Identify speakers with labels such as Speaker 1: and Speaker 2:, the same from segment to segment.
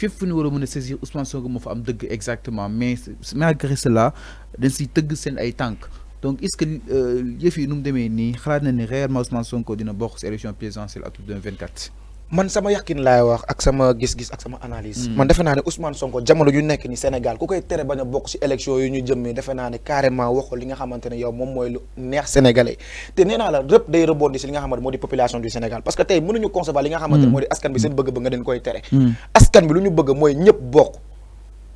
Speaker 1: Je fu que saisir Ousmane Sonko mo fa am exactement mais malgré cela dañ siy teug sen ay tank donc est ce que euh, yëf yi nu mu ni xalaat na ni réellement Ousmane Sonko dina bokk élection présidentielle 2024. man sama yàqin laay wax ak sama gis-gis ak sama
Speaker 2: analyse. Mm. man defe naa ne Ousmane Sonko jamono ju nekk ni Sénégal ku koy tere bañ a bokk ci élection yi ñu jëmee defe naa ne carrément waxu li nga xamante ne yow moom mooy lu neex sénégalais te nee naa la rëpp day rebondir ci li nga xamante moo di population du Sénégal parce que tey mënuñu concevoir li nga xamante mm. moo di askan bi seen bëgg ba nga den koy tere. Mm. askan bi lu ñu bëgg mooy ñëpp bokk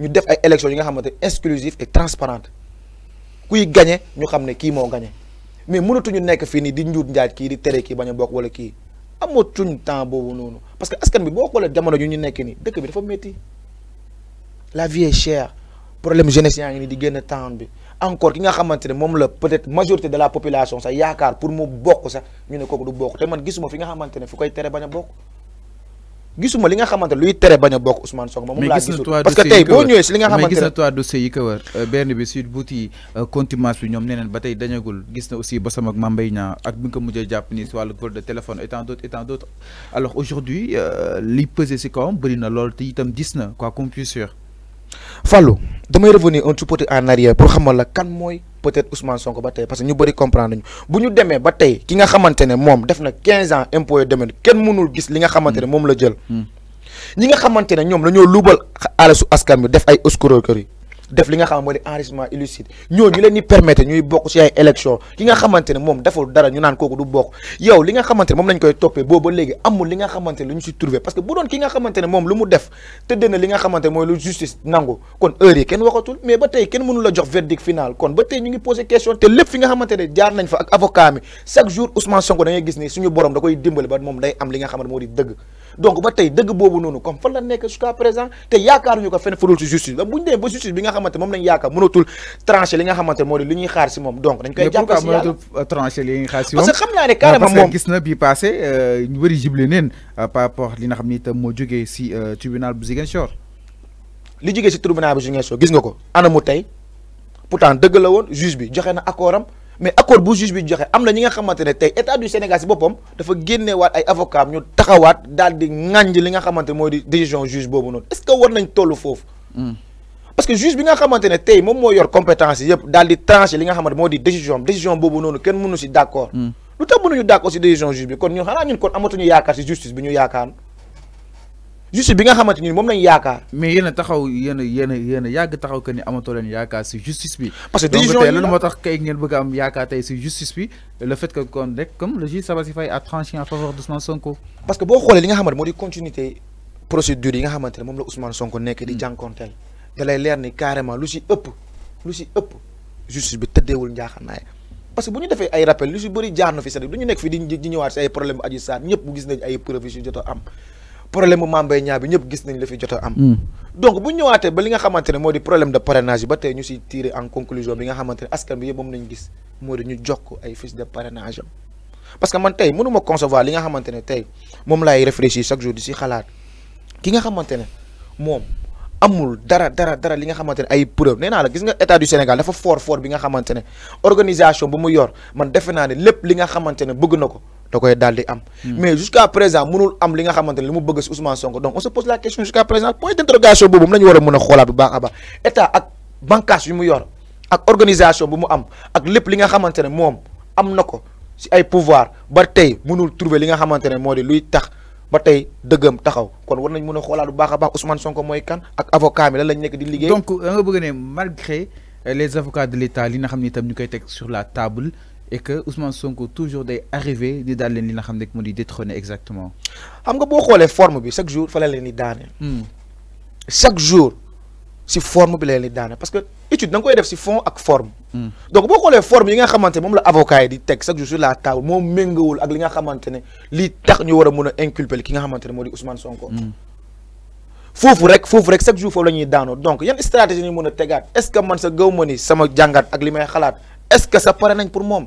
Speaker 2: ñu def ay élection yi nga xamante exclusive et transparente kuy gagné ñu xam ne kii moo gagné mais mënatuñu nekk fii nii di njuut njaaj kii di tere kii bañ a bokk wala kii amatuñ temps boobu noonu parce que askan bi boo xoolee jamono ju ñu nekk ni dëkk bi dafa metti la vie est chère problème jeunesse yaa ngi di génn temps bi encore ki nga xamantene mom la peut-être majorité de la population ça yaakaar pour mu bokk sax ñu ne kooku du bokk te man gisuma fi nga xamantene fi koy téré baña bokk. gisuma li nga xamante luy tere bañ a bokk Ousmane Sonko moom laa gisul parce que tey boo ñëwee si li nga xamante ne mais
Speaker 1: gis na yi ko euh, benn bi si buut yi euh, bi ñoom neneen ba tey dañagul gis na aussi Bassam ak Mame Mbaye Niang ak bi nga ko mujjee jàpp ni si wàllu vol de téléphone et tant d'autres et tant aujourd'hui euh, li pesé si kawam bëri na lool te itam gis na quoi qu'on puisse sûr
Speaker 2: Fallou damay revenir un tout petit en arrière pour xamal la kan mooy peut-être Ousmane Sonko ba tey parce que ñu bëri comprendre ñu bu ñu demee ba tey ki nga xamante ne moom def na 15 ans impôt yu demee kenn mënul gis li nga xamante ne moom la jël. Hmm. ñi nga xamante ne ñoom la ñoo luubal alasu askan bi def ay escroquerie def li nga xam mooy enrichissement illicite ñoo ñu leen ni permettre ñuy bok ci ay élection ki nga xamantene mom deful dara ñu naan koku du bok yow li nga xamantene mom lañ koy topé bo booba légui amul li nga xamantene ne ci trouver parce que bu doon ki nga xamantene mom lu mu def tëddee na li nga xamantene moy lu justice nango kon heure yi kenn waxatul mais ba tay kenn mënu la jox verdict final kon ba tay ñu ngi poser question te lepp fi nga xamantene ne jaar nañ fa ak avocat mi chaque jour Ousmane Sonko da ngay gis ni suñu borom da koy dimbali ba mom day am li nga xamantene modi deug donc ba tay deug bobu nonu comme fa la nek jusqu'à présent te ko fenn justice ba justice bi nga xamanté mom lañu tranché li nga xamanté xaar ci mom donc dañ koy japp
Speaker 1: ci que euh, li ñuy xaar parce que xam carrément passé euh, ñu euh, par rapport li nga xamni mo tribunal bu Ziguinchor li joggé ci tribunal bu Ziguinchor gis nga ko pourtant
Speaker 2: la juge bi accord mais accord bu juge bi joxe amna ñi nga xamante ne état du Sénégal ci bopom dafa génné génneewaat ay avocat ñu taxawaat daal di ŋàññ li nga xamante ne décision juge bobu non est ce que war nañ toll fofu hmm. parce que juge bi nga xamante ne mom mo yor compétence yépp daal di tranché li nga xamante moo décision décision bobu non ken mënu ci d'accord accord. Hmm. lu tax mënuñu d' accord si décision
Speaker 1: juge bi kon ñu xana ñun kon amatu ñu yaakaar ci justice bi ñu yaakaar. justice bi nga xamante ni moom lañ yaakaar. mais yéen a taxaw yéen a yéen a yéen a yàgg taxaw que ni amatoo leen yaakaar si justice bi. parce que décision yi a tranché nga xamante ne
Speaker 2: moom la Ousmane Sonko nekk di hmm. jànkonteel da leer ni carrément lu si ëpp lu si ëpp justice bi tëddeewul njaaxanaay parce que bu ñu defee ay rappel lu si bëri jaar na fi sax du ñu gis nañ ay preuves yu si jot am problème mu Mame Mbaye Niang bi ñëpp gis nañ la fi jot a am. Mm. donc bu ñëwaatee ba li nga xamante ne moo di problème de parrainage yi ba tey ñu siy tiré en conclusion bi nga xamante ne askan bi yëpp moom nañ moo di ñu jokk ay fiche de parce que man tey mënuma concevoir li nga xamante ne tey moom laay réfléchir chaque jour di si xalaat ki nga xamante ne moom amul dara dara dara li nga xamante ne ay preuve nee naa la gis nga état du Sénégal dafa foor foor bi nga xamante ne organisation bu mu yor man defe naa ne lépp li nga xamante ne bëgg na ko da koy daal am. Hmm. mais jusqu'à présent mënul am li nga xamante ne bëgg si Ousmane Sonko donc on se pose la question jusqu'à présent point d'interrogation bobu la ñu war a mën bu baaxa a état ak bànqaas yu mu yor ak organisation bu mu am ak lepp li nga xamantene mom am nako ci ay pouvoir ba tay mënul trouver li nga xamantene modi luy tax. ba tay deugëm taxaw kon war nañ mëna xolaat bu baaxa ba Ousmane
Speaker 1: Sonko moy kan ak avocat mi lañ nekk di liggéey. donc euh, nga bëgg né malgré euh, les avocats de l'État li nga xamni tam itam ñu koy teg sur la table et que Ousmane Sonko toujours des arrivé di daal leen li nga xam détrôner exactement.
Speaker 2: xam nga les
Speaker 1: formes, forme bi chaque
Speaker 2: jour fa la ni di hmm. chaque jour si forme bi la leen parce que étude da nga koy def si fond ak forme. Hmm. donc boo xoolee forme yi nga xamante moom la avocat yi di chaque jour sur la table moom méngawul ak li nga xamante ne li tax ñu war qui mën a inculper ki nga xamante ne Ousmane Sonko. Hmm. foofu rek foofu rek chaque jour foofu la ñuy donc yan stratégie ni mën a est ce que man sa gëw ma ni sama jàngat ak li est ce que ça paraît nañ pour moom.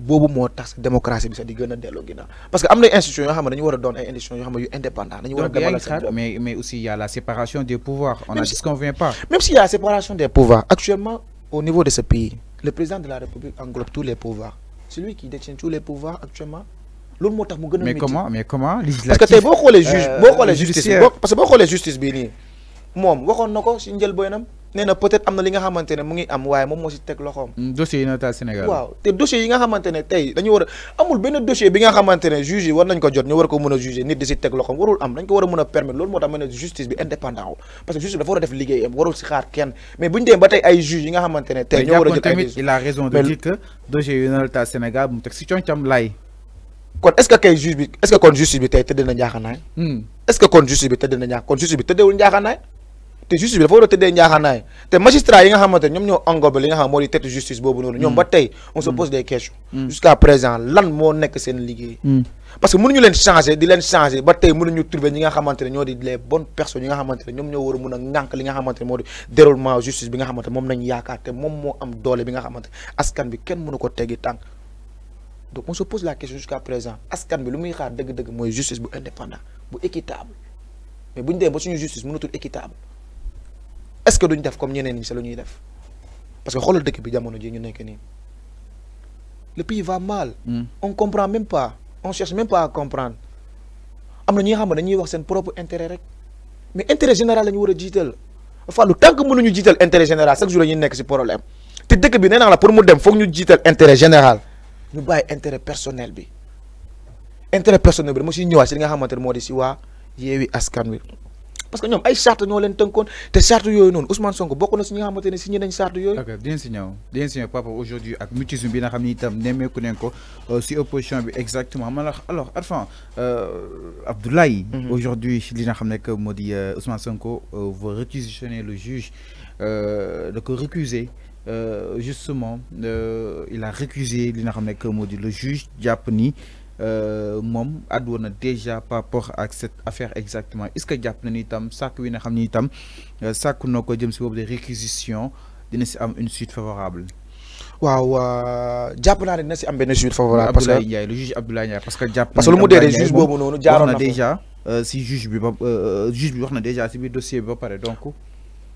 Speaker 2: bobu moo tax démocratie bi sa di gëna a gina parce que am institution yo xam dañu wara a ay institution yo xam yu indépendant dañu wara a
Speaker 1: mais mais aussi il y a la séparation des pouvoirs on a dit ce qu'on vient pas même s'il y a la séparation des pouvoirs actuellement au niveau de ce pays le président de la république englobe tous les pouvoirs celui qui détient tous les
Speaker 2: pouvoirs actuellement loolu moo mu mais comment mais
Speaker 1: comment législatif parce que tay bo xolé juge euh, bo xolé justice parce que bo xolé justice bii nii
Speaker 2: moom waxoon na ko si njëlbeenam nee na peut-être am na li nga xamante ne mu ngi am waaye moom moo si teg loxoom.
Speaker 1: Mm, dossier yi
Speaker 2: nga xamante ne tey dañu war a amul benn dossier bi nga xamante ne juge yi war nañ ko jot ñu war a juger nit di si teg loxoom warul am dañ ko a ne justice bi indépendant parce que justice a a
Speaker 1: jël a bi tey tëdd na njaaxanaay. est-ce que kon justice bi
Speaker 2: tëdd hmm. na njaax te justice bi dafa war a tëddee njaaxaanaay te magistrat yi nga xamante ñom ñoo engobe li nga xam moo di tête justice bobu noonu ñoom ba tay on se pose des questions mm. jusqu'à présent lan mo nek sen liggéey mm. parce que mënuñu len changer di len changer ba tey mënuñu trouver ñi nga xamante ñoo di les bonnes personnes yi nga xamante ñom ñoo war mëna ngank li nga xamante ne déroulement justice bi nga xamante mom nañ yaakaar te mom mo am doole bi nga xamante askan bi kenn mënu ko teggi tank donc on se pose la question jusqu'à présent askan bi lu muy xaar dëgg-dëgg moy justice bu indépendant bu équitable mais buñ dé demee ba suñu justice mënu mënatul équitable est-ce que duñ def comme ñeneen ñi c'est lu ñuy def parce que xolal dekk bi jamono ji ñu nekk ni le pays va mal. Hmm. on comprend même pas on cherche même pas à comprendre amna ñi nga xam dañuy wax sen propre intérêt rek mais intérêt général lañu wara jital fallu jiital Fallou tant que mënuñu jiital intérêt général chaque jour la ñuy nekk si problème té dekk bi néna la pour mu dem foog ñu jital intérêt général ñu baye intérêt personnel bi intérêt personnel bi mo ci ñëwa ci li nga xamante modi ci wa yewi Askan Wi
Speaker 1: parce que ñom ay charte ñoo leen tënkoon te charte yoy non Ousmane Sonko bokk na si ñi nga xamante ne si ñi nañ charte yoy d'accord dinañ si ñëw dinañ papa aujourd'hui ak mutisme bi nga xamni tam némé nemmeeku nañ ko euh, si opposition bi exactement man alors Arfan euh, Abdoulaye mhm. aujourd'hui li nga xamné que modi di euh, Ousmane Sonko veut réquisitionner le juge euh, de ko récuser justement euh, il a récusé li nga xamné que modi le juge jàpp ni je euh, mom donné déjà par rapport à cette affaire exactement est-ce que vous na ni itam réquisition une suite favorable.
Speaker 2: suite favorable. parce que
Speaker 1: le juge Abdoulaye parce que déjà si juge déjà si dossier donc.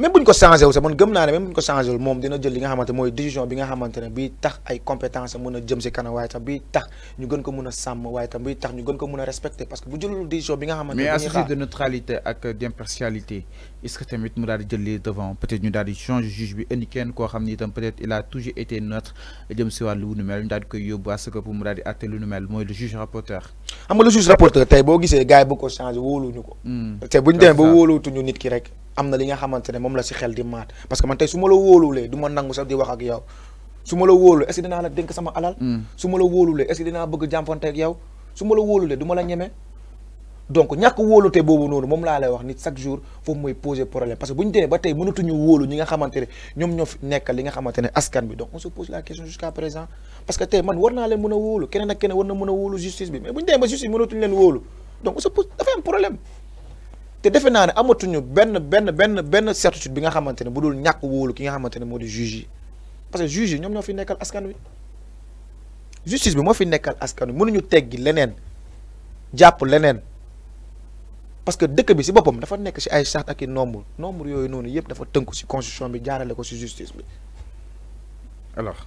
Speaker 2: même buñ ko changer wu sax man gëm naa ne même buñ ko changer wul moom dina jël li nga xamante moy décision bi nga xamante bi tax ay compétences mëna jëm ci kanam waaye tam bii tax ñu gën ko mëna sam way tax bi tax ñu gën ko mëna respecter parce que bu jëlul décision bi nga xamante ne mais associé de
Speaker 1: neutralité ak d'impartialité est-ce que tamit mu daal di jël li devant peut-être ñu daal di changer juge bi indi kenn ko xamni ni peut-être il a toujours été neutre jëm ci walu nu mel ñu daal ko koy parce que pour mu daal di atté lu nu mel moy le juge rapporteur xam
Speaker 2: nga le juge rapporteur tay bo gisé gaay yi bu ko wolu ñuko ko
Speaker 1: hmm. buñ dem ñu wolu tu ñu nit ki rek
Speaker 2: am na li nga xamante ne moom la si xel di maat parce que man tey su ma la wóolulee du ma nangu sax di wax ak yow su ma la wóolu est-ce que dinaa la dénk sama alal hmm. su ma la wóolulee est-ce que dinaa bëgg jàmpante ak yow su ma la wóolulee du ma la ñeme donc ñàkk wóolute boobu noonu moom laa lay wax ni chaque jour foofu mooy poser problème parce que bu ñu demee ba tey mënatuñu wóolu ñi nga xamante ne ñoom ñoo fi nekk li nga xamante ne askan bi donc on se pose la question jusqu'à présent parce que tey man war naa leen a wóolu keneen ak keneen war na mën a wóolu justice te defe naa ne amatuñu benn benn benn benn certitude bi nga xamante budul bu wolu ki nga xamante ne juge parce que juge ñom ñoom ñoo fi nekkal askan wi justice bi mo fi nekkal askan wi mënuñu teggi leneen japp leneen parce que dëkk bi ci boppam dafa nekk ci ay charte ak i nombre nombre yooyu noonu yëpp dafa tënku ci constitution bi jaarale ko ci justice bi
Speaker 1: alors.